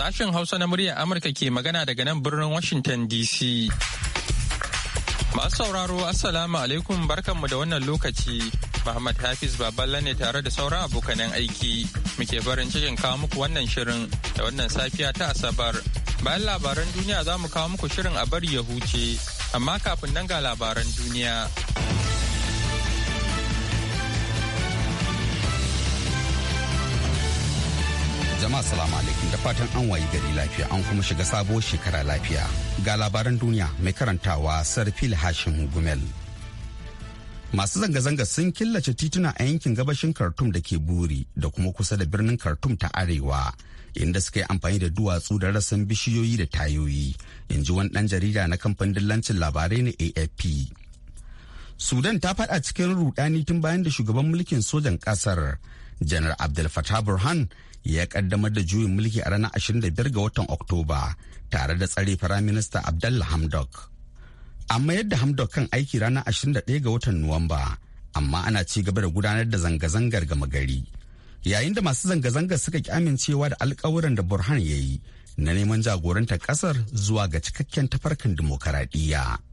Sashen Hausa na muryar Amurka ke magana daga nan birnin Washington DC. Masu sauraro Assalamu alaikum barkanmu da wannan lokaci. Muhammad Hafiz Baballa ne tare da sauran abokanan aiki. Muke barin cikin kawo muku wannan shirin da wannan safiya ta Asabar. Bayan labaran duniya za mu kawo muku shirin a bari ya huce, amma kafin nan ga labaran duniya. jama'a salamu alaikum da fatan an wayi gari lafiya an kuma shiga sabo shekara lafiya ga labaran duniya mai karantawa sarfil hashin gumel masu zanga-zanga sun killace tituna a yankin gabashin khartoum da ke buri da kuma kusa da birnin khartoum ta arewa inda suka yi amfani da duwatsu da rasan bishiyoyi da tayoyi in ji wani dan jarida na kamfanin dillancin labarai na afp sudan ta faɗa cikin rudani tun bayan da shugaban mulkin sojan ƙasar janar abdul fatah burhan ya kaddamar da juyin mulki a ranar 25 ga watan Oktoba tare da tsare Firaminista Abdallah Hamdok. An mayar da Hamdok kan aiki ranar 21 ga watan Nuwamba, amma ana ci gaba da gudanar da zanga-zangar gama gari. Yayin da masu zanga-zangar suka ki amincewa da alkawuran da Burhan ya yi na neman jagorantar kasar zuwa ga cikakken tafarkin dimokuraɗiyya.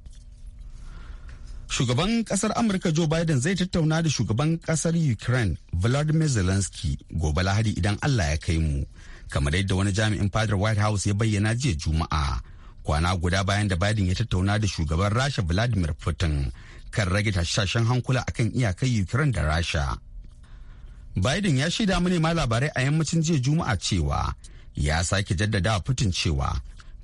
Shugaban kasar Amurka Joe Biden zai tattauna da shugaban kasar Ukraine vladimir Zelensky gobe Lahadi idan Allah ya kai mu. Kamar yadda wani jami'in fadar White House ya bayyana jiya Juma'a. Kwana guda bayan da Biden ya tattauna da shugaban Rasha Vladimir Putin kan rage tashashen hankula akan iyakar Ukraine da Rasha. Biden ya shaida manema labarai a yammacin jiya Juma'a cewa ya sake jaddada Putin cewa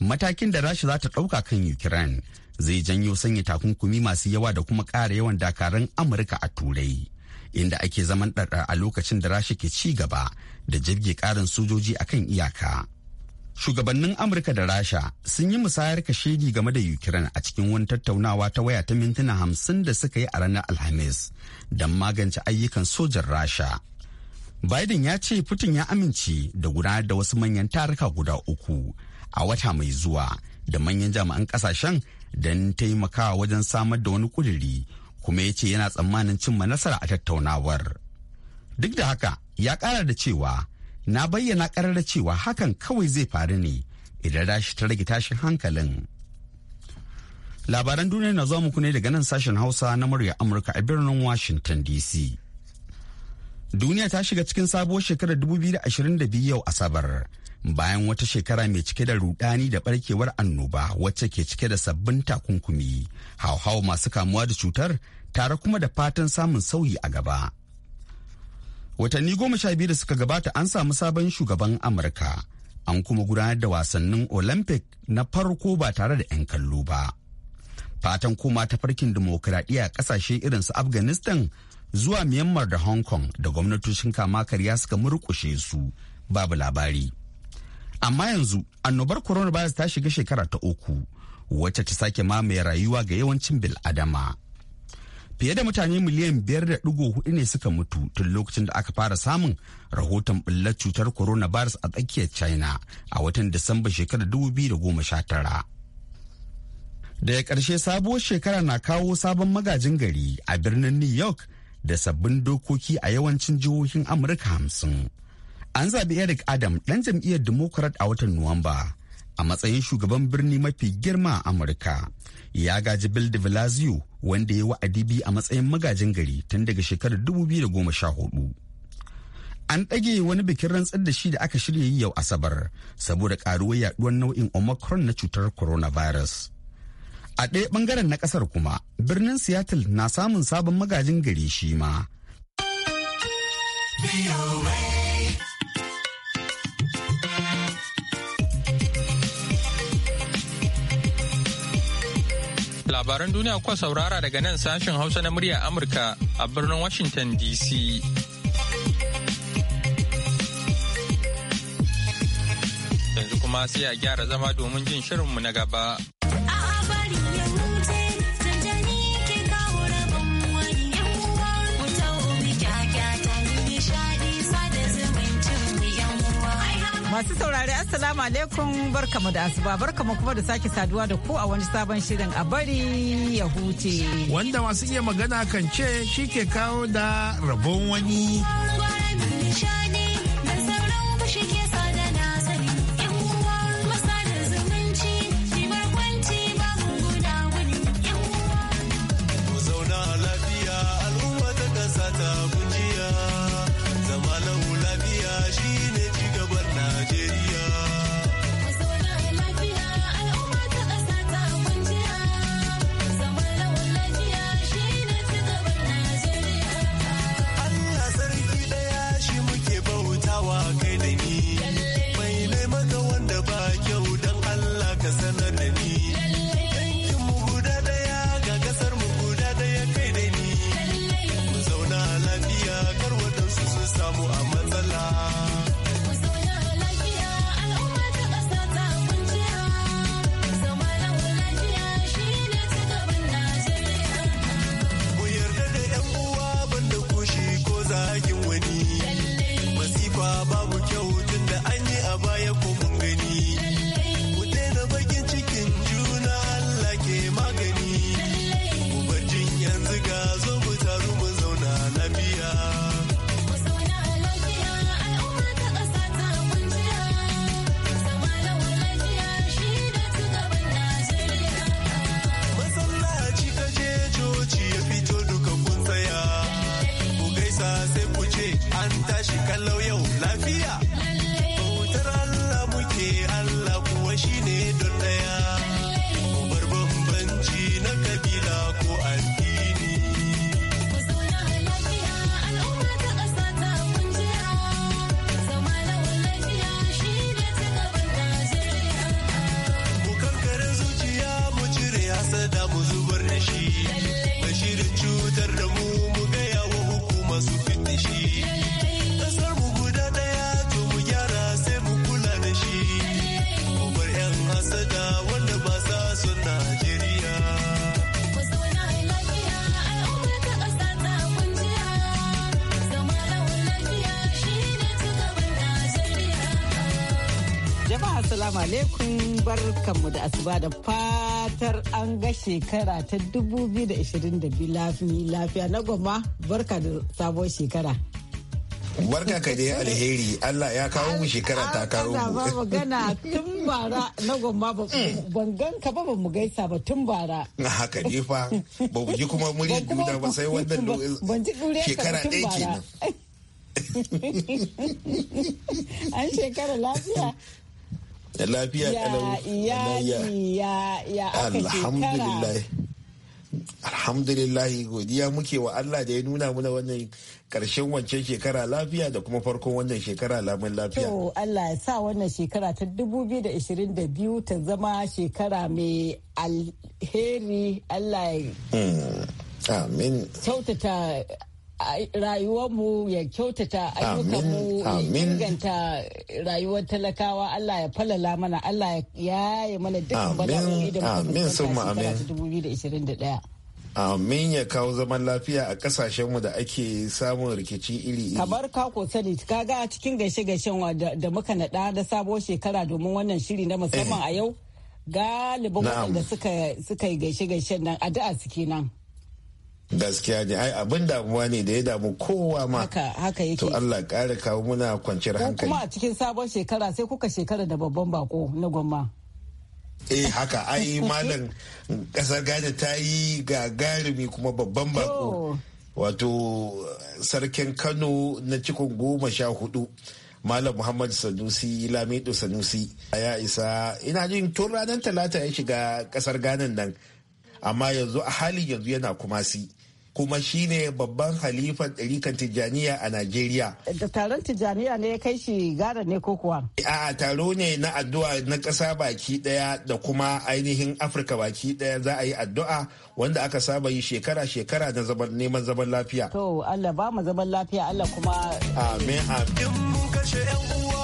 matakin da rasha za ta ɗauka kan ukraine zai janyo sanya takunkumi masu yawa da kuma ƙara yawan dakarun amurka a turai inda ake zaman ɗarɗa a lokacin da rasha ke ci gaba da jirgi ƙarin sojoji a kan iyaka shugabannin amurka da rasha sun yi musayar kashegi game da ukraine a cikin wani tattaunawa ta waya ta mintuna hamsin da suka yi a ranar alhamis don magance ayyukan sojan rasha biden ya ce putin ya amince da gudanar da wasu manyan taruka guda uku a wata mai zuwa da manyan jami'an kasashen don taimakawa wajen samar da wani kuduri kuma ya ce yana tsammanin cimma nasara a tattaunawar. Duk da haka ya kara da cewa na bayyana ƙarar cewa hakan kawai zai faru ne idan rashi ta rage tashin hankalin. Labaran duniya na zuwa muku ne daga nan sashen Hausa na murya Amurka a birnin Washington DC. Duniya ta shiga cikin sabuwar shekarar 2022 yau Asabar. bayan wata shekara mai cike da rudani da barkewar annoba wacce ke cike da sabbin takunkumi hauhau masu kamuwa da cutar tare kuma da fatan samun sauyi a gaba watanni goma sha biyu da suka gabata an samu sabon shugaban amurka an kuma gudanar da wasannin olympic na farko ba tare da 'yan kallo ba fatan koma ta farkin dimokuraɗiyya ƙasashe irin su afghanistan zuwa myanmar da hong kong da gwamnatocin kama karya suka murƙushe su babu labari amma yanzu annobar coronavirus ta shiga shekara ta uku wacce ta sake mamaye rayuwa ga yawancin bil'adama fiye da mutane miliyan biyar da hudu ne suka mutu tun lokacin da aka fara samun rahoton bullar cutar coronavirus a tsakiyar china a watan disamba shekarar 2019 daga ƙarshe sabuwar shekara na kawo sabon magajin gari a birnin new york da sabbin dokoki a yawancin jihohin amurka hamsin An zaɓi Eric Adam ɗan jam'iyyar Democrat a watan Nuwamba a matsayin shugaban birni mafi girma a Amurka. Ya gaji Bill de Blasio wanda ya wa'adi biyu a matsayin magajin gari tun daga shekarar 2014. An ɗage wani bikin rantsar da shi da aka shirya yi yau Asabar saboda ƙaruwar yaɗuwar nau'in Omicron na cutar coronavirus. A ɗaya ɓangaren na ƙasar kuma, birnin Seattle na samun sabon magajin gari shi ma. Labaran duniya kuwa saurara daga nan sashen Hausa na murya Amurka a birnin Washington DC. Yanzu kuma sai a gyara zama domin jin shirinmu na gaba. masu saurari assalamu alaikum barkamu da asuba barkamu kuma da sake saduwa da ku a wani sabon shirin a bari ya huce. Wanda masu iya magana kan ce shi ke kawo da rabon wani. hello, Assalamu alaikum barkanmu da asuba da fatar an ga shekara ta 2022 lafiya na goma barka da sabuwar shekara. Barka ka dai alheri Allah ya kawo mu shekara ta kawo mu. ba magana tun bara na gwamma hmm. ban gan ka ba ba mu gaisa ba tun bara. Na haka ne fa ba ku ji kuma muri juna ba sai wannan shekara ɗaya kenan. An shekara lafiya. lafiya kalau ya ya alhamdulillah alhamdulillah godiya muke wa Allah da ya nuna mana wannan karshen wancan shekara lafiya da kuma farkon wannan shekara lamun lafiya. To Allah ya sa wannan shekara ta 2022 ta zama shekara mai alheri Allah ya. Hmm. Amin. Kyautata mu ya kyautata ayyukanmu ya inganta rayuwar talakawa Allah ya falala mana Allah ya yi mana dukkan bala'o'i da muka fuskanta shekara Amin ya kawo zaman lafiya a kasashenmu da ake samun rikici iri iri. Kabar ko sani kaga a cikin gaishe gaishen da muka naɗa da sabuwar shekara domin wannan shiri na musamman eh. a yau galibin waɗanda suka yi gaishe gaishen nan addu'a suke nan. gaskiya ne ai abin damuwa ne da ya damu kowa ma haka haka yake to Allah ƙara kawo muna kwanciyar hankali kuma a cikin sabon shekara sai kuka shekara da babban bako na gwamma eh haka ai malam kasar Ghana ta yi gagarumi kuma babban bako wato sarkin Kano na cikin goma sha hudu Malam Muhammad Sanusi Lamido Sanusi ya isa ina jin tun ranar talata ya shiga kasar ganin nan amma yanzu a halin yanzu yana kumasi kuma shine babban halifan ɗarikan Tijjaniya a Najeriya. Da taron Tijjaniya ne ya kai shi gara ne ko kuwa? A taro ne na addu'a na ƙasa baki ɗaya da kuma ainihin Afirka baki ɗaya za a yi addu'a wanda aka saba yi shekara-shekara na neman zaman lafiya. To Allah ba mu zaman lafiya Allah kuma. Amin amin.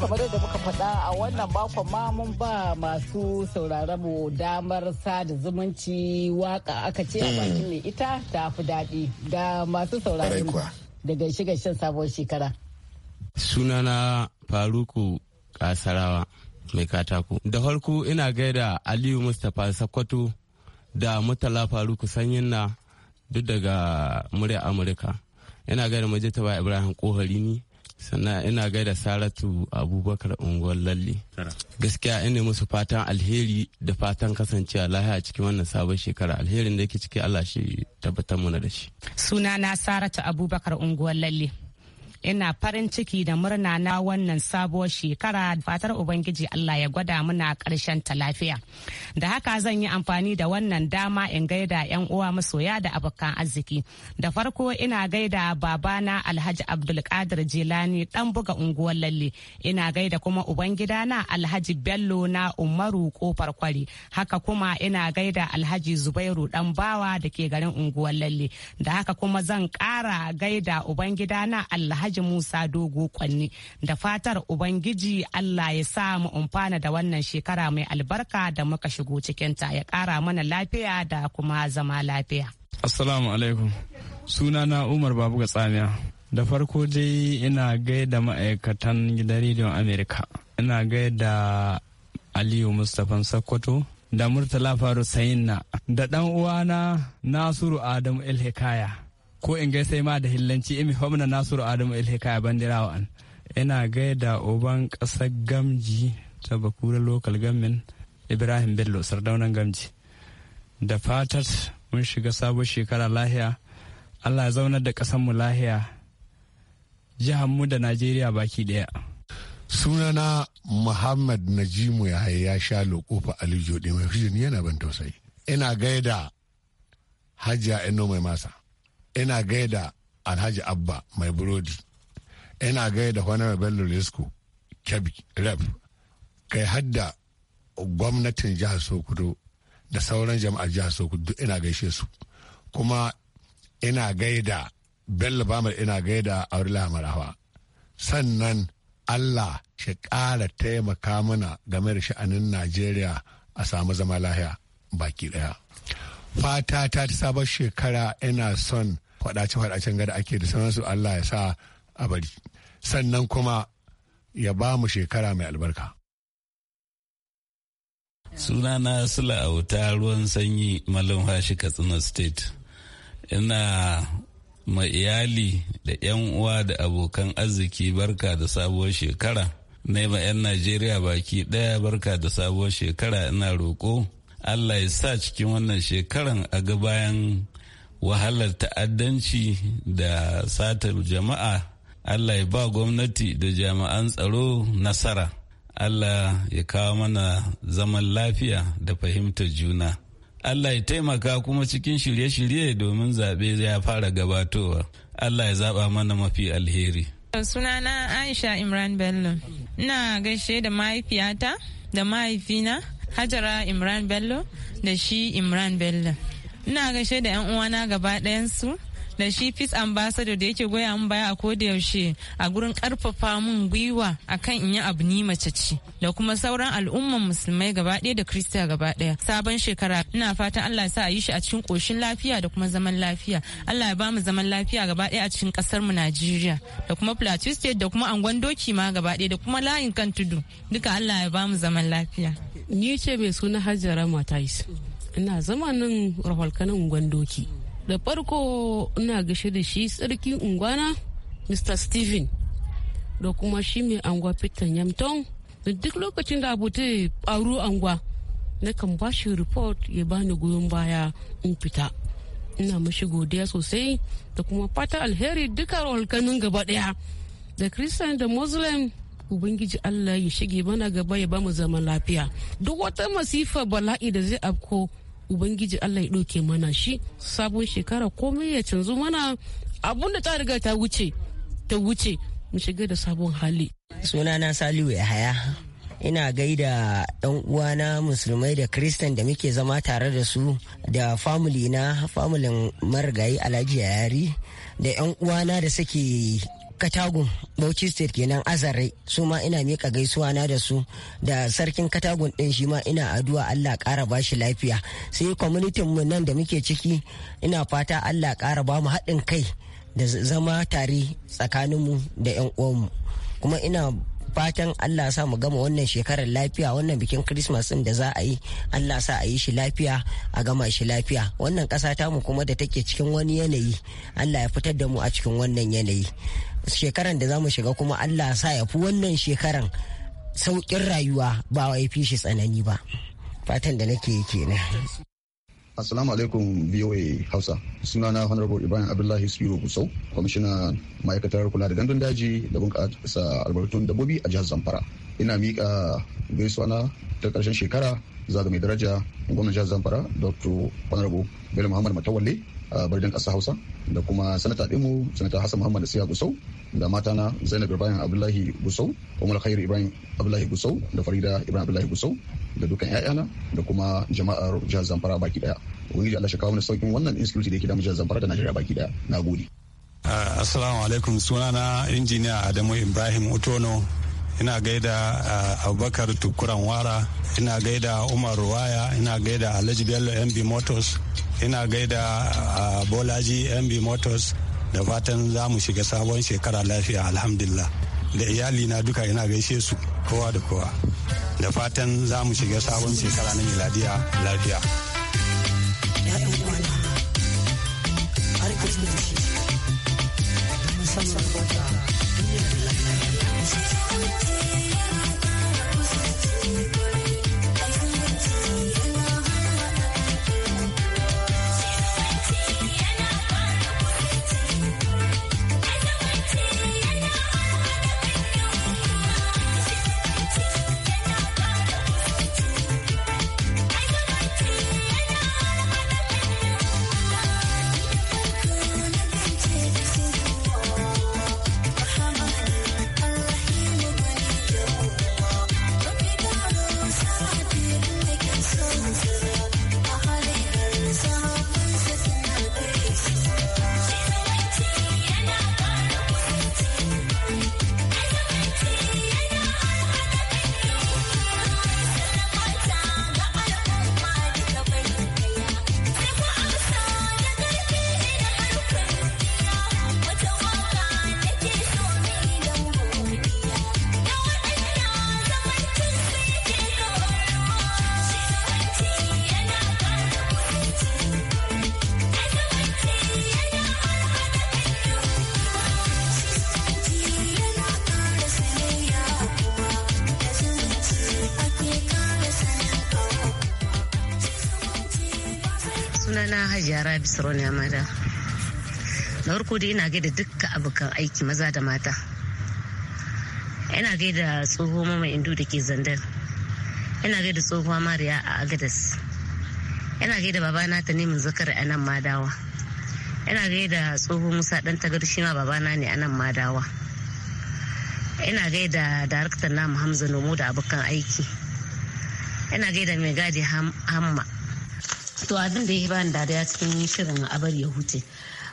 kamar yadda muka faɗa a wannan bakon ma mun ba masu sauraron mu damar sada zumunci waka aka ce a mm. bakin mai ita ta fi daɗi ga masu sauraron daga shigashin sabon shekara. Sunana Faruku Kasarawa mai katako. Da farko ina gaida Aliyu Mustapha Sakwato da mutala Faruku Sanyin na duk daga murya Amurka. Ina gaida Majitaba Ibrahim Kohari sannan ina gaida saratu abubakar unguwar lalle gaskiya ina musu fatan alheri da fatan kasancewa lahiya a cikin wannan sabon shekara alherin da yake ciki allah shi tabbatar mana da shi suna na saratu abubakar unguwar lalle ina farin ciki da murna na wannan sabuwar shekara da fatar ubangiji allah ya gwada muna karshen ta lafiya da haka zan yi amfani da wannan dama in gaida yan uwa masoya da abokan arziki da farko ina gaida babana alhaji abdulkadir jilani dan buga unguwar lalle ina gaida kuma ubangidana alhaji bello na umaru kofar kwari haka kuma ina gaida alhaji zubairu dan bawa da ke garin unguwar lalle da haka kuma zan kara gaida ubangidana alhaji Alhaji Musa Dogo Kwanni da fatar Ubangiji Allah ya sa mu umfana da wannan shekara mai albarka da muka shigo cikinta ya kara mana lafiya da kuma zama lafiya. Assalamu alaikum. Sunana Umar Babu Gatsamiya. Da farko dai ina gaida ma'aikatan gidan rediyon Amerika. Ina gaida Aliyu Mustapha Sakkwato da Murtala Faru Sayinna da ɗan uwana Nasiru Adamu El Hikaya. ko in gaisa ma da hillanci imi famna nasiru adamu ilhika bandirawa an ina gaida oban kasar gamji ta bakura lokal gamin ibrahim bello sardaunan gamji da fatar mun shiga sabon shekara lahiya allah ya zaunar da mu lahiya mu da najeriya baki daya sunana muhammad najimu ya ya sha lokofa alijo ɗin mai yana ban tausayi ina gaida hajiya eno mai masa ina gaida alhaji abba mai burodi ina gaida honorable bello lesko kebi rep kai hadda gwamnatin jihar sokoto da sauran jama'ar jihar sokoto ina gaishe su kuma ina gaida bello bamar ina gaida aurila marawa sannan allah shi ƙara taimaka mana game da sha'anin najeriya a samu zama lahiya baki daya. fata ta ta sabon shekara ina son faɗace-faɗacen gada ake da sanansu Allah ya sa a bari sannan kuma ya ba mu shekara mai albarka. Suna na sula auta ruwan sanyi Hashi katsina state ina ma iyali da 'yan uwa da abokan arziki barka da sabuwar shekara ma 'yan najeriya baki ɗaya barka da sabuwar shekara ina roƙo allah ya sa cikin wannan shekaran a ga bayan wahalar ta'addanci da satar jama'a allah ya ba gwamnati da jami'an tsaro nasara allah ya kawo mana zaman lafiya da fahimtar juna allah ya taimaka kuma cikin shirye-shirye domin zaɓe ya fara gabatowa allah ya zaɓa mana mafi alheri sunana aisha imran bello ina gaishe da mahaifiyata da mahaifina hajara imran bello da shi imran bello ina gaishe da yan uwana gaba ɗayan da shi peace ambassador da yake goya mun baya a da yaushe a gurin karfafa min gwiwa akan in yi abu ni mace ce da kuma sauran al'umman musulmai gaba ɗaya da kristiya gaba ɗaya sabon shekara ina fatan Allah ya sa a yi shi a cikin koshin lafiya da kuma zaman lafiya Allah ya ba mu zaman lafiya gaba ɗaya a cikin kasar mu Najeriya da kuma Plateau state da kuma angon doki ma gaba ɗaya da kuma layin kan tudu duka Allah ya ba mu zaman lafiya ni ce mai suna Hajjara Matais ina zama nan rahalkanin unguwan doki da farko ina gashe da shi tsarki ungwana mr steven da kuma shi mai angwa peter yamton da duk lokacin da abu ta faru angwa na kan ba shi report ya bani goyon baya in fita ina mashi godiya sosai da kuma fata alheri duka rahalkanin gaba daya da christian da muslim ubangiji allah ya shige mana gaba ya bamu zaman lafiya duk wata masifa bala'i da zai afko ubangiji allah ya ɗauke mana shi sabon shekara komai ya canzu mana abun da ta riga ta wuce ta wuce mu shiga da sabon hali sunana saliu ya haya ina gaida yan uwana musulmai da kristan da muke zama tare da su da famili na famulin marigayi alhaji yari da yan uwana da suke katagun bauchi state kenan azare su ma ina mika gaisuwa na da su da sarkin katagun din shi ma ina addu'a allah kara ba shi lafiya sai kwamitin mu nan da muke ciki ina fata allah kara ba mu haɗin kai da zama tare tsakaninmu da 'yan uwanmu kuma ina fatan Allah sa mu gama wannan shekarar lafiya wannan bikin Christmas din da za a yi Allah sa a yi shi lafiya a gama shi lafiya wannan kasa ta mu kuma da take cikin wani yanayi Allah ya fitar da mu a cikin wannan yanayi shekaran da za mu shiga kuma allah sa ya fi wannan shekaran sauƙin rayuwa ba wai fi shi tsanani ba fatan da nake kenan Assalamu alaikum VOA Hausa. Sunana Honorable Ibrahim Abdullahi Siro Gusau, kwamishina ma'aikatar kula da gandun daji da bunƙasa albarkatun dabbobi a jihar Zamfara. Ina miƙa gaisuwa na ta ƙarshen shekara zaga mai daraja gwamnan jihar Zamfara Dr. Honorable Bello Muhammad Matawalle birnin ƙasa hausa da kuma sanata ɗinmu sanata hassan muhammad siya gusau da matana zainab ibrahim abdullahi gusau umar khairu ibrahim abdullahi gusau da farida ibrahim abdullahi gusau da dukkan 'ya'yana da kuma jama'ar jihar zamfara baki daya ubangiji allah shi kawo mana saukin wannan institute da yake damu jihar zamfara da najeriya baki daya na gode ah, assalamu alaikum sunana injiniya adamu ibrahim utono ina gaida eh, abubakar tukuran wara ina gaida umar ruwaya ina gaida alhaji bello mb motors ina gaida eh, bolaji mb motors da fatan za mu shiga sabon shekara lafiya alhamdulillah da iyali na duka ina gaishe su kowa da kowa da fatan za mu shiga sabon shekara na miladiya lafiya. hajiya rabi ya amada na farko dai ina gaida dukkan abokan aiki maza da mata ina gaida tsoho mama indu da ke zandar ina gaida tsohuwa mariya a agadas ina gaida babana ta nemin zakar a nan madawa ina gaida tsoho musa dan tagar shi ma babana ne a nan madawa ina gaida darakta na hamza nomo da abokan aiki ina gaida mai gadi hamma to abin da ya bani dariya cikin shirin abar ya huce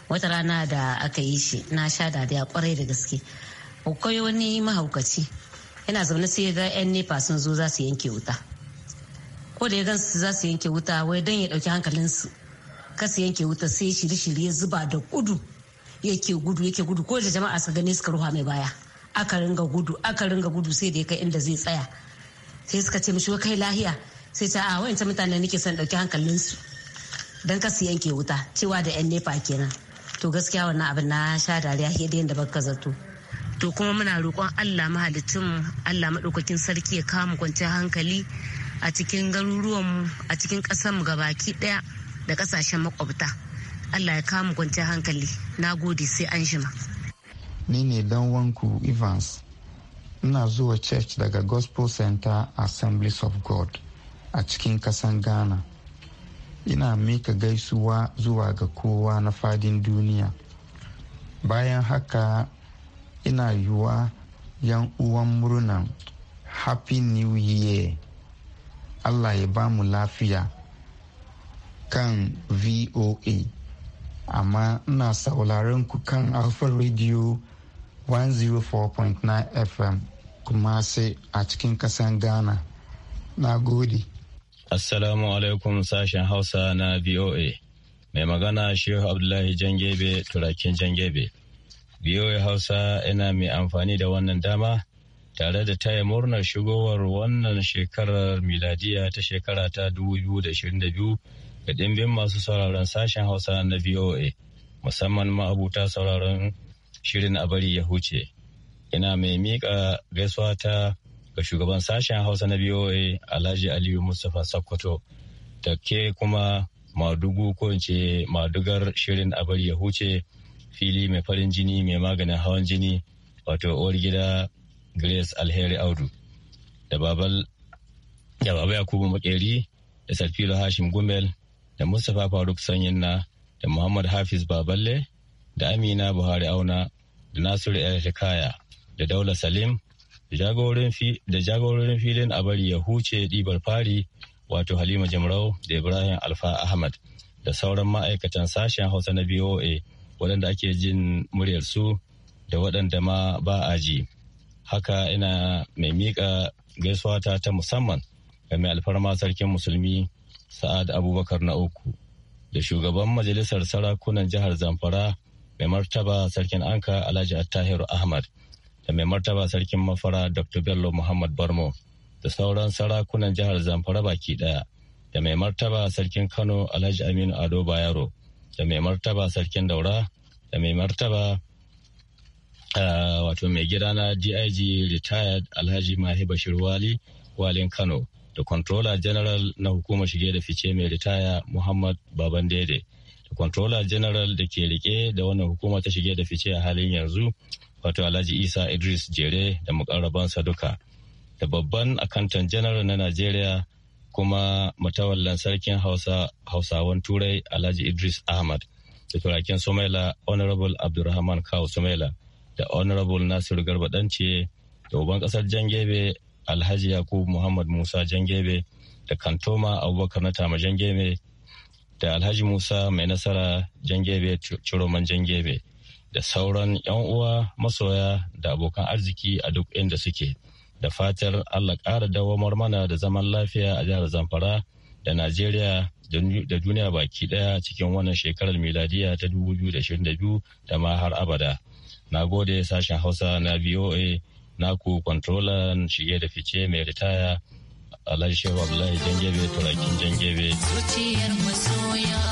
wata rana da aka yi shi na sha dariya kwarai da gaske akwai wani mahaukaci yana zaune sai ga yan nepa sun zo za su yanke wuta ko da ya gan su za su yanke wuta wai don ya dauki hankalinsu ka su yanke wuta sai shiri shiri ya zuba da gudu yake gudu yake gudu ko da jama'a su gane suka ruwa mai baya aka ringa gudu aka ringa gudu sai da ya kai inda zai tsaya sai suka ce mishi kai lahiya sai ta a ah, wayanta mutanen nake son ɗauki su don kasu yanke wuta cewa da yan nefa kenan to gaskiya wannan abin na sha dariya ya da yadda baka zato to kuma muna roƙon allah mahalicin allah maɗaukakin sarki ya kama kwanciyar hankali a cikin garuruwan mu a cikin ƙasar mu gabaki ɗaya da ƙasashen makwabta allah ya kama kwanciyar hankali na gode sai an shima ni ne dan wanku evans ina zuwa church daga gospel center assemblies of god a cikin kasan ghana ina mika gaisuwa zuwa ga kowa na fadin duniya bayan haka ina yiwa yan uwan murnan happy new year allah ya ba mu lafiya kan voa amma ina sauraron ku kan alfa radio 104.9 fm kuma sai a cikin kasan ghana na gode Assalamu alaikum sashen Hausa na VOA. Mai magana Shehu Abdullahi Jangebe turakin Jangebe. VOA Hausa yana mai amfani da wannan dama tare da taya murnar shigowar wannan shekarar miladiya ta shekara ta 2022 ga dimbin masu sauraron sashen Hausa na VOA musamman ma'abuta sauraron shirin a bari ya huce. Ina mai miƙa gaisuwa ta ga shugaban sashen hausa na BOA Alhaji Aliyu Mustapha Sokoto da ke kuma madugu ko in ce madugar shirin abar ya huce fili mai farin jini mai maganin hawan jini wato uwar gida Grace Alheri Audu da babal da baba Yakubu Makeri da Sarfilo Hashim Gumel da Mustapha Faruk Sanyinna da Muhammad Hafiz Baballe da Amina Buhari Auna da Nasiru El Hikaya da Daula Salim da jagororin filin a bari ya huce ɗibar fari wato halima jimrau da ibrahim alfa ahmad da sauran ma'aikatan sashen hausa na voa waɗanda ake jin muryarsu da waɗanda ma ba a ji haka ina mai miƙa gaisuwa ta ta musamman ga mai alfarma sarkin musulmi sa'ad abubakar na uku da shugaban majalisar sarakunan jihar zamfara mai martaba sarkin anka alhaji attahiru ahmad da mai martaba sarkin mafara Dr. Bello Muhammad Barmo da sauran sarakunan jihar Zamfara baki daya da mai martaba sarkin Kano Alhaji Aminu Ado Bayero da mai martaba sarkin Daura da mai martaba wato mai gida na DIG retired Alhaji Mahi Bashir Wali Walin Kano da Controller General na hukumar shige da fice mai ritaya Muhammad Baban Dede da Controller General da ke rike da wannan hukuma ta shige da fice a halin yanzu wato Alhaji Isa Idris Jere da mukarrabansa duka da babban akantan Janaral na Najeriya kuma matawallan sarkin Hausa Hausawan Turai Alhaji Idris Ahmad da turaken Somaila Honorable Abdulrahman Kawo Somaila da Honorable Nasiru Garba Dance da uban kasar Jangebe Alhaji Yakubu Muhammad Musa Jangebe da Kantoma Abubakar na Tama Jangebe da Alhaji Musa Mai Nasara Jangebe Ciroman Jangebe. da sauran 'yan uwa masoya da abokan arziki a duk inda suke da fatar allah ƙara dawamar mana da zaman lafiya a jihar zamfara da najeriya da duniya baki daya cikin wannan shekarar miladiya ta 2022 da ma har abada na gode sashen hausa na voa naku kwantrolan shige da fice mai ritaya alhaji shehu abdullahi jangebe turakin jangebe zuciyar masoya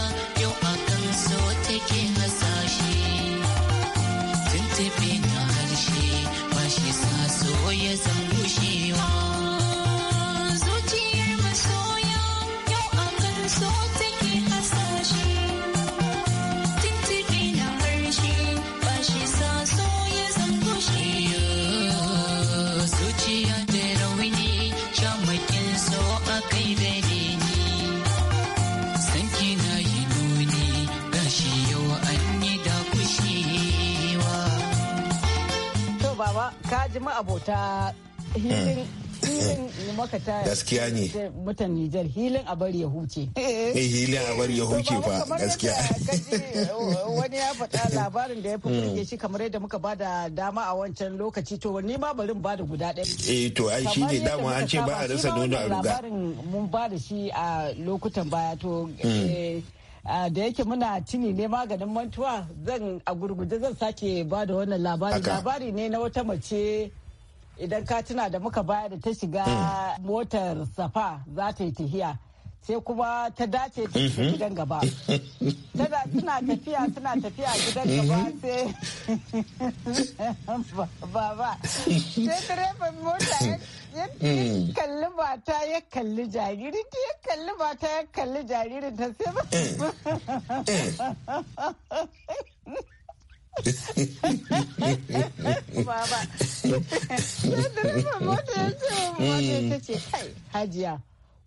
ka ma'abota mm. Mm. gaskiya ne mutan Nijar hilin a bari ya huce eh hilin a bari ya huce fa gaskiya wani ya faɗa labarin da ya fi mm. burge shi kamar yadda muka ba da dama a wancan lokaci to ni ma barin ba da guda ɗaya eh to ai shi ne dama an ce ba a rasa nono a ruga labarin mun da shi a lokutan baya to eh, da yake muna tuni ne maganin mantuwa zan a gurguje zan sake ba da wannan labari labari ne na wata mace idan ka tuna da muka baya da ta shiga hmm. motar safa za ta yi tahiya sai kuma ta dace ta hmm. gidan gaba suna tafiya suna tafiya gidan hmm. gaba sai baba sai direban mota yadda mm. kalli mata ya kalli jariri ta ya kalli mata ya kalli jariri ta sai ba eh. Eh. Baba, yadda rufe ya ce mota ta mm. ce kai hajiya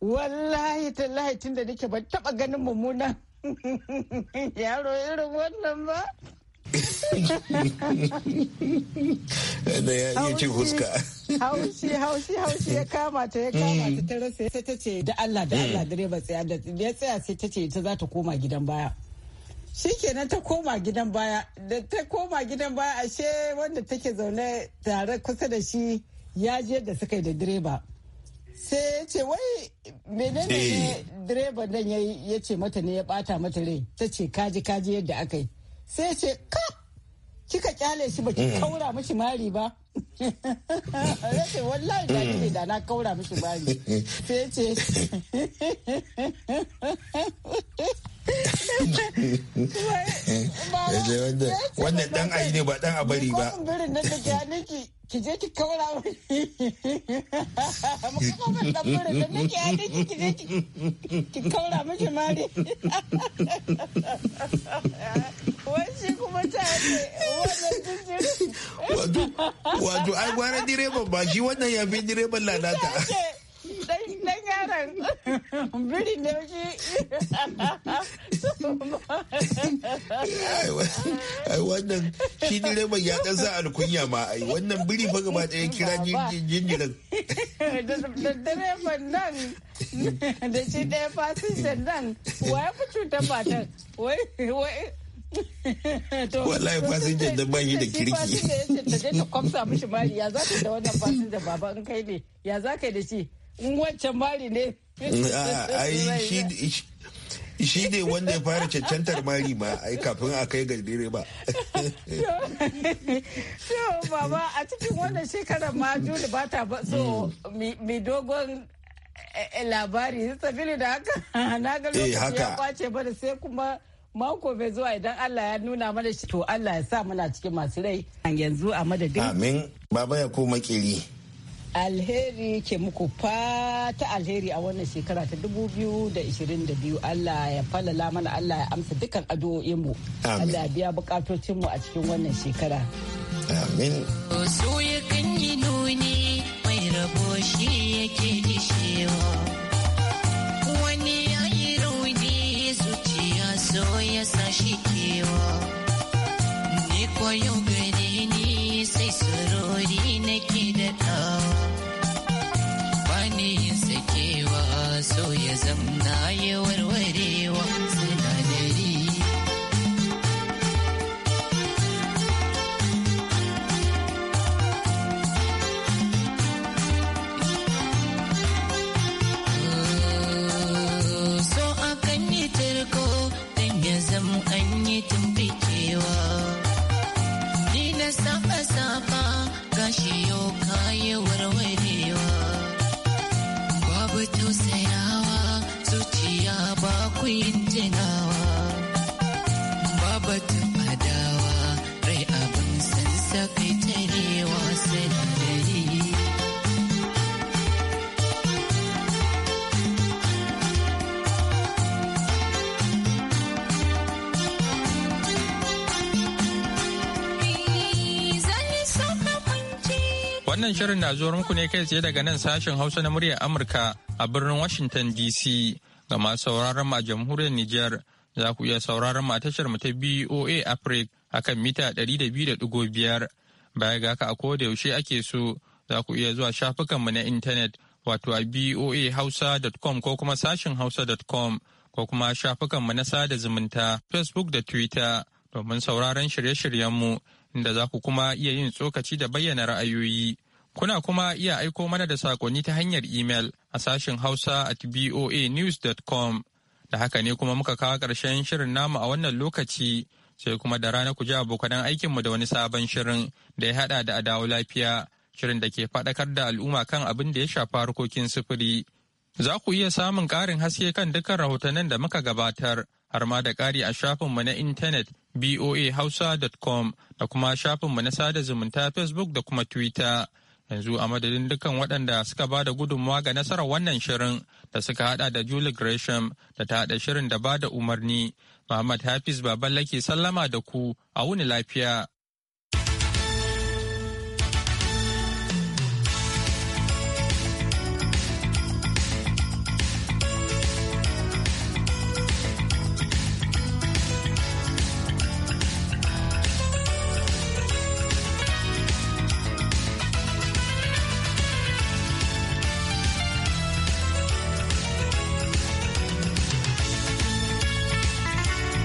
wallahi tallahi tun da nake ban taba ganin mummunan yaro irin wannan ba da ya yi ci huska haushi haushi haushi ya kama ta ya kama ta ta rasa sai ta ce da Allah da Allah mm. direba tsaya da ya tsaya sai ta ce ta za ta koma gidan baya shikenan ta koma gidan baya da ta koma gidan baya ashe wanda take zaune tare kusa da shi ya je da suka yi da direba sai ya ce wai menene eh. ne direba nan ya ce mata ne ya bata mata rai ta ce kaji kaji yadda aka yi sai ce ka kika kyale shi baki mm. kaura mishi mari ba rashin wallahi da ne da na kaura mishi mari mm. sai ce wanda dan ayi ne ba dan a bari ba birin nan da ya niki ki je ki kaura mukamman dan birin nan da ya niki ki je ki kaura mishi mari shi kuma ta eh, Wato, wato, ai gwara direban ba shi wannan ya fi direban lalata. Dan yaran biri ne shi. Ai wannan shi direban ya ɗan sa alkunya ma ai wannan biri fa gaba ɗaya kira jinjirin. Da direban nan da shi ɗaya fasinjan nan wa ya fi cutar matan. Wai, wai, wallahi fasinjan da bayi da kirki fasinjan da ta kwamsa mishi mari ya za ka da wannan fasinjan baba in kai ne ya za ka da shi in wancan mari ne ai shi shi ne wanda ya fara cancantar mari ma ai kafin a kai gajere ba. To baba a cikin wannan shekarar ma Juli ba ta ba so hmm. mi dogon eh, eh, labari sabili da haka na ga eh, lokaci ya kwace ba da sai kuma mako bai zuwa idan Allah ya nuna mana shi to Allah ya sa muna cikin masu rai yanzu a madadin amin baba ya koma makiri alheri ke muku fata alheri a wannan shekara ta 2022 Allah ya falala mana Allah ya amsa dukkan mu Allah ya biya mu a cikin wannan shekara amin so ya nuni mai rabo shi yake dishewa rasa shi kewa. Ni koyo gare ni sai sarori nake. Wannan shirin na zuwa muku ne kai tsaye daga nan sashen Hausa na muryar Amurka a birnin Washington DC ga masu sauraron ma jamhuriyar Nijar za ku iya sauraron ma tashar mu ta BOA Africa akan mita 200.5 baya ga haka a da yaushe ake so za ku iya zuwa shafukan mu na intanet wato a BOA boahausa.com ko kuma sashin hausa.com ko kuma mu na sada zumunta facebook da twitter domin sauraron shirye shiryen mu inda za ku kuma iya yin tsokaci da bayyana ra'ayoyi Kuna kuma iya aiko mana da saƙonni ta hanyar imel a sashen Hausa at com Da haka ne kuma muka kawo ƙarshen shirin namu a wannan lokaci sai kuma da rana ku ji abokanan aikinmu da wani sabon shirin da ya haɗa da adawo lafiya shirin da ke faɗakar da al'umma kan abin da ya shafa harkokin sufuri. Za ku iya samun ƙarin haske kan dukkan rahotannin da muka gabatar har ma da ƙari a shafinmu na intanet boahausa.com da kuma shafinmu na sada zumunta Facebook da kuma Twitter. yanzu a madadin dukkan waɗanda suka ba da gudunmawa ga nasarar wannan shirin da suka hada da Julie Gresham da ta hada shirin da ba da umarni, Muhammad Hafiz Baballa ke sallama da ku a wuni lafiya.